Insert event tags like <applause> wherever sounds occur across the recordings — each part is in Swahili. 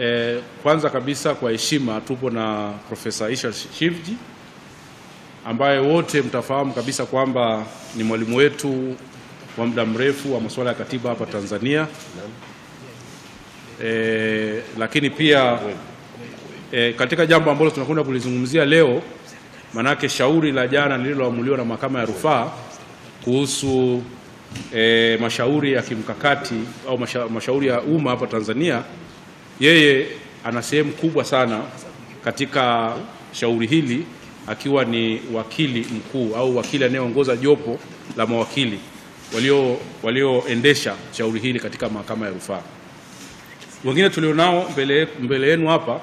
E, kwanza kabisa kwa heshima tupo na Profesa Isha Shivji ambaye wote mtafahamu kabisa kwamba ni mwalimu wetu wa muda mrefu wa masuala ya katiba hapa Tanzania. E, lakini pia e, katika jambo ambalo tunakwenda kulizungumzia leo, manake shauri la jana lililoamuliwa na mahakama ya rufaa kuhusu e, mashauri ya kimkakati au mashauri ya umma hapa Tanzania yeye ana sehemu kubwa sana katika shauri hili akiwa ni wakili mkuu au wakili anayeongoza jopo la mawakili walioendesha walio shauri hili katika mahakama ya rufaa. Wengine tulionao mbele, mbele yenu hapa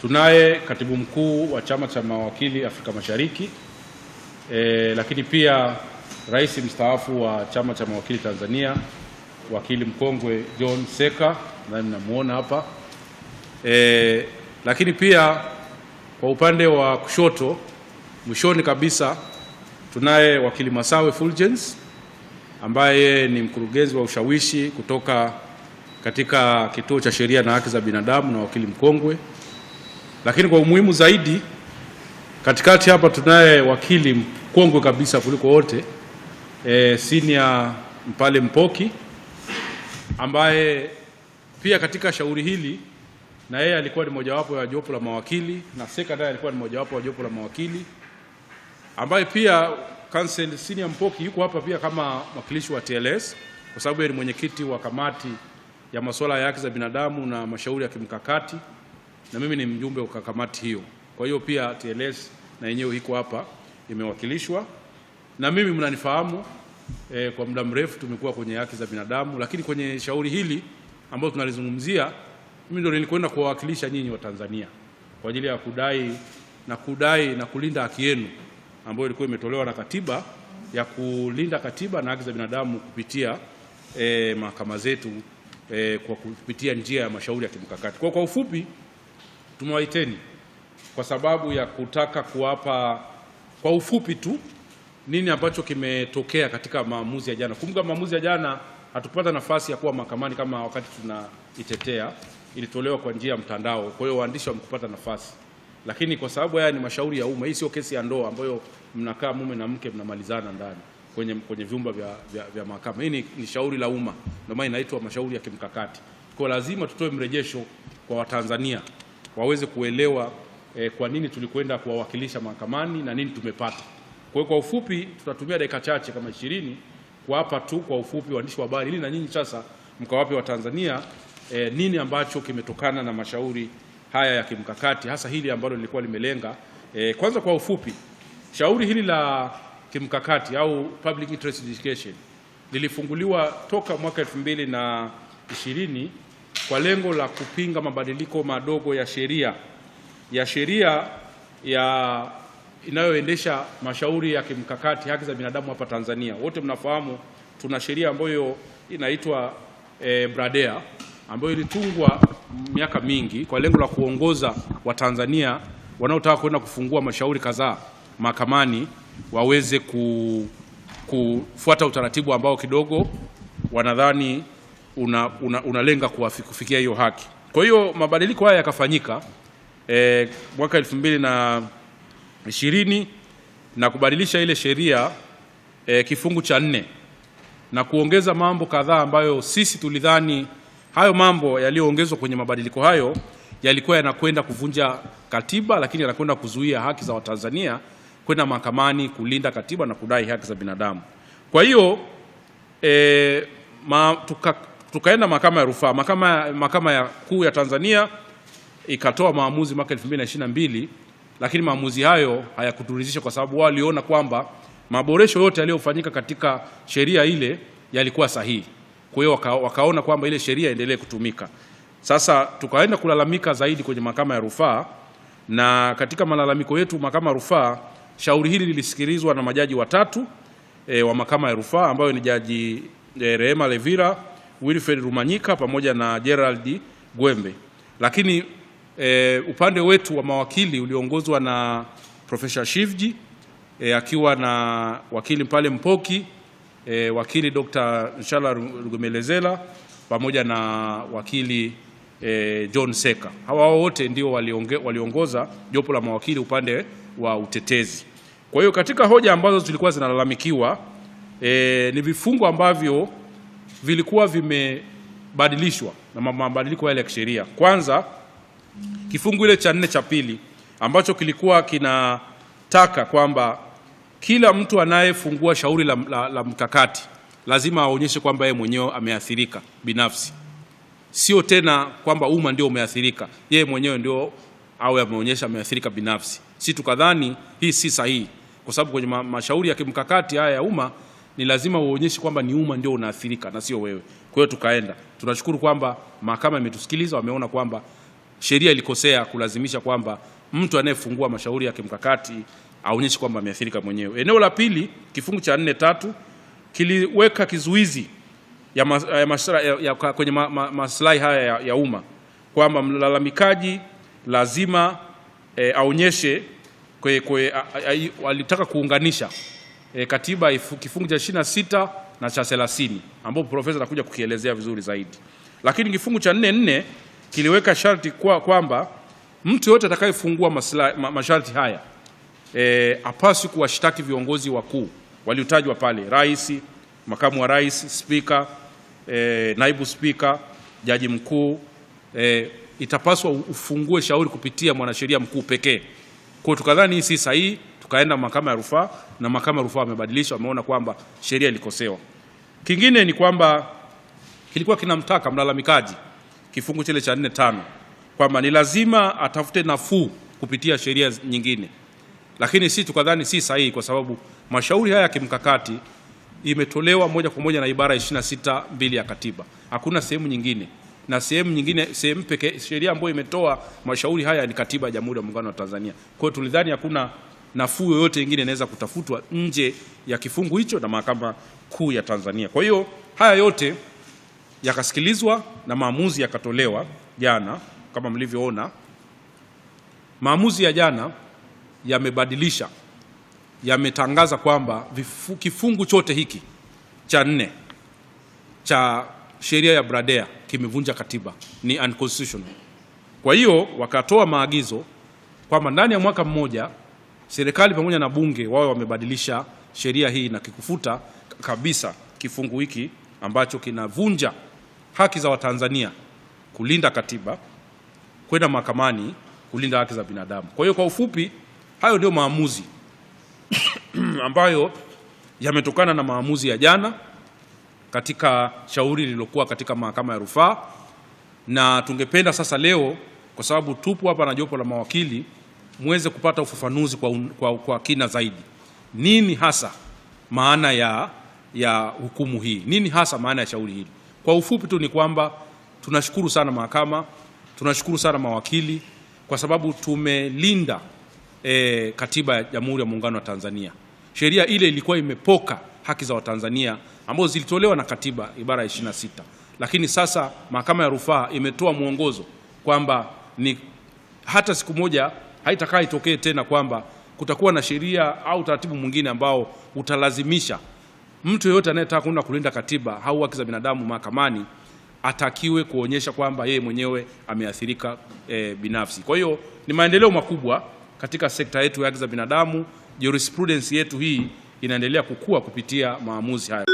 tunaye katibu mkuu wa chama cha mawakili Afrika Mashariki e, lakini pia rais mstaafu wa chama cha mawakili Tanzania wakili mkongwe John Seka, naye mnamuona hapa. E, lakini pia kwa upande wa kushoto mwishoni kabisa tunaye wakili Masawe Fulgence ambaye ni mkurugenzi wa ushawishi kutoka katika kituo cha sheria na haki za binadamu na wakili mkongwe. Lakini kwa umuhimu zaidi, katikati hapa tunaye wakili mkongwe kabisa kuliko wote e, senior Mpale Mpoki ambaye pia katika shauri hili na yeye alikuwa ni mojawapo ya jopo la mawakili na Seka alikuwa ni mojawapo ya jopo la mawakili, ambaye pia Council Senior Mpoki yuko hapa pia kama mwakilishi wa TLS kwa sababu ni mwenyekiti wa kamati ya masuala ya haki za binadamu na mashauri ya kimkakati, na mimi ni mjumbe wa kamati hiyo. Kwa hiyo pia TLS na yenyewe iko hapa imewakilishwa, na mimi mnanifahamu e, kwa muda mrefu tumekuwa kwenye haki za binadamu, lakini kwenye shauri hili ambalo tunalizungumzia mimi ndio nilikwenda kuwawakilisha nyinyi Watanzania kwa ajili ya kudai na kudai na kulinda haki yenu ambayo ilikuwa imetolewa na katiba ya kulinda katiba na haki za binadamu kupitia e, mahakama zetu e, kwa kupitia njia ya mashauri ya kimkakati. Kwa, kwa ufupi tumewaiteni kwa sababu ya kutaka kuwapa kwa ufupi tu nini ambacho kimetokea katika maamuzi ya jana. Kumbuka maamuzi ya jana hatupata nafasi ya kuwa mahakamani kama wakati tunaitetea ilitolewa kwa njia ya mtandao, kwa hiyo waandishi wamekupata nafasi, lakini kwa sababu haya ni mashauri ya umma, hii sio kesi ya ndoa ambayo mnakaa mume na mke mnamalizana ndani kwenye, kwenye vyumba vya, vya, vya mahakama. Hii ni, ni shauri la umma, ndio maana inaitwa mashauri ya kimkakati. Kwa lazima tutoe mrejesho kwa Watanzania waweze kuelewa eh, kwa nini tulikwenda kuwawakilisha mahakamani na nini tumepata. Kwa kwa ufupi, tutatumia dakika chache kama ishirini kuwapa tu kwa ufupi waandishi wa habari, ili na nyinyi sasa mkawape Watanzania e, nini ambacho kimetokana na mashauri haya ya kimkakati hasa hili ambalo lilikuwa limelenga e, kwanza kwa ufupi, shauri hili la kimkakati au public interest education lilifunguliwa toka mwaka ishirini kwa lengo la kupinga mabadiliko madogo ya sheria ya sheria ya inayoendesha mashauri ya kimkakati haki za binadamu hapa Tanzania. Wote mnafahamu tuna sheria ambayo inaitwa e, Bradea ambayo ilitungwa miaka mingi kwa lengo la kuongoza Watanzania wanaotaka kwenda kufungua mashauri kadhaa mahakamani waweze ku, kufuata utaratibu ambao kidogo wanadhani unalenga una, una kufikia hiyo haki. Kwa hiyo mabadiliko haya yakafanyika e, mwaka elfu mbili na ishirini na kubadilisha ile sheria e, kifungu cha nne na kuongeza mambo kadhaa ambayo sisi tulidhani Hayo mambo yaliyoongezwa kwenye mabadiliko hayo yalikuwa yanakwenda kuvunja katiba, lakini yanakwenda kuzuia haki za Watanzania kwenda mahakamani kulinda katiba na kudai haki za binadamu. Kwa hiyo e, ma, tuka, tukaenda mahakama ya rufaa, mahakama ya kuu ya Tanzania ikatoa maamuzi mwaka 2022 lakini maamuzi hayo hayakuturidhisha kwa sababu waliona kwamba maboresho yote yaliyofanyika katika sheria ile yalikuwa sahihi. Kwa hiyo waka, wakaona kwamba ile sheria endelee kutumika. Sasa tukaenda kulalamika zaidi kwenye mahakama ya rufaa, na katika malalamiko yetu mahakama ya rufaa, shauri hili lilisikilizwa na majaji watatu e, wa mahakama ya rufaa ambayo ni jaji e, Rehema Levira, Wilfred Rumanyika pamoja na Gerald Gwembe, lakini e, upande wetu wa mawakili uliongozwa na Profesa Shivji e, akiwa na wakili pale Mpoki e, wakili Dr. Nshala rugumelezela pamoja na wakili e, John Seka. Hawa wote ndio waliongoza jopo la mawakili upande wa utetezi. Kwa hiyo katika hoja ambazo zilikuwa zinalalamikiwa e, ni vifungu ambavyo vilikuwa vimebadilishwa na mabadiliko yale ya kisheria. Kwanza kifungu ile cha nne cha pili ambacho kilikuwa kinataka kwamba kila mtu anayefungua shauri la, la, la mkakati lazima aonyeshe kwamba yeye mwenyewe ameathirika binafsi, sio tena kwamba umma ndio umeathirika, yeye mwenyewe ndio awe ameonyesha ameathirika binafsi. Si tukadhani hii si sahihi, kwa sababu kwenye mashauri ya kimkakati haya ya umma ni lazima uonyeshe kwamba ni umma ndio unaathirika na sio wewe. Kwa hiyo tukaenda, tunashukuru kwamba mahakama imetusikiliza, wameona kwamba sheria ilikosea kulazimisha kwamba mtu anayefungua mashauri ya kimkakati aonyeshe kwamba ameathirika mwenyewe. Eneo la pili, kifungu cha nne tatu kiliweka kizuizi ya mas, ya masra, ya, ya, kwenye ma, ma, maslahi haya ya, ya umma kwamba mlalamikaji lazima e, aonyeshe kwe, kwe, alitaka kuunganisha e, katiba kifungu cha ishirini na sita na cha 30 ambapo profesa atakuja kukielezea vizuri zaidi, lakini kifungu cha nne nne kiliweka sharti kwamba kwa mtu yoyote atakayefungua masharti haya eh, hapaswi kuwashtaki viongozi wakuu waliotajwa pale: rais, makamu wa rais, spika, eh, naibu spika, jaji mkuu. Eh, itapaswa ufungue shauri kupitia mwanasheria mkuu pekee. Kwa tukadhani hii si sahihi, tukaenda mahakama ya rufaa na mahakama ya rufaa wamebadilisha, wameona kwamba sheria ilikosewa. Kingine ni kwamba kilikuwa kinamtaka mlalamikaji kifungu chile cha 4.5 kwamba ni lazima atafute nafuu kupitia sheria nyingine lakini sisi tukadhani si sahihi, kwa sababu mashauri haya ya kimkakati imetolewa moja kwa moja na ibara 26 mbili ya katiba, hakuna sehemu nyingine na sehemu nyingine, sehemu pekee sheria ambayo imetoa mashauri haya ni katiba ya Jamhuri ya Muungano wa Tanzania. Kwa hiyo tulidhani hakuna nafuu yoyote nyingine inaweza kutafutwa nje ya kifungu hicho na Mahakama Kuu ya Tanzania. Kwa hiyo haya yote yakasikilizwa na maamuzi yakatolewa jana, kama mlivyoona maamuzi ya jana yamebadilisha yametangaza kwamba kifungu chote hiki cha nne cha sheria ya Bradea kimevunja katiba, ni unconstitutional. Kwa hiyo wakatoa maagizo kwamba ndani ya mwaka mmoja serikali pamoja na bunge wao wamebadilisha sheria hii na kikufuta kabisa kifungu hiki ambacho kinavunja haki za Watanzania kulinda katiba, kwenda mahakamani kulinda haki za binadamu. Kwa hiyo kwa ufupi Hayo ndio maamuzi <clears throat> ambayo yametokana na maamuzi ya jana katika shauri lililokuwa katika mahakama ya rufaa, na tungependa sasa leo, kwa sababu tupo hapa na jopo la mawakili, muweze kupata ufafanuzi kwa, kwa, kwa kina zaidi, nini hasa maana ya, ya hukumu hii, nini hasa maana ya shauri hili. Kwa ufupi tu ni kwamba tunashukuru sana mahakama, tunashukuru sana mawakili kwa sababu tumelinda e, katiba ya Jamhuri ya Muungano wa Tanzania. Sheria ile ilikuwa imepoka haki za Watanzania ambazo zilitolewa na katiba ibara ya 26, lakini sasa mahakama ya rufaa imetoa mwongozo kwamba ni hata siku moja haitakaa itokee tena kwamba kutakuwa na sheria au taratibu mwingine ambao utalazimisha mtu yeyote anayetaka kwenda kulinda katiba au haki za binadamu mahakamani atakiwe kuonyesha kwamba yeye mwenyewe ameathirika e, binafsi. Kwa hiyo ni maendeleo makubwa katika sekta yetu ya haki za binadamu. Jurisprudence yetu hii inaendelea kukua kupitia maamuzi haya.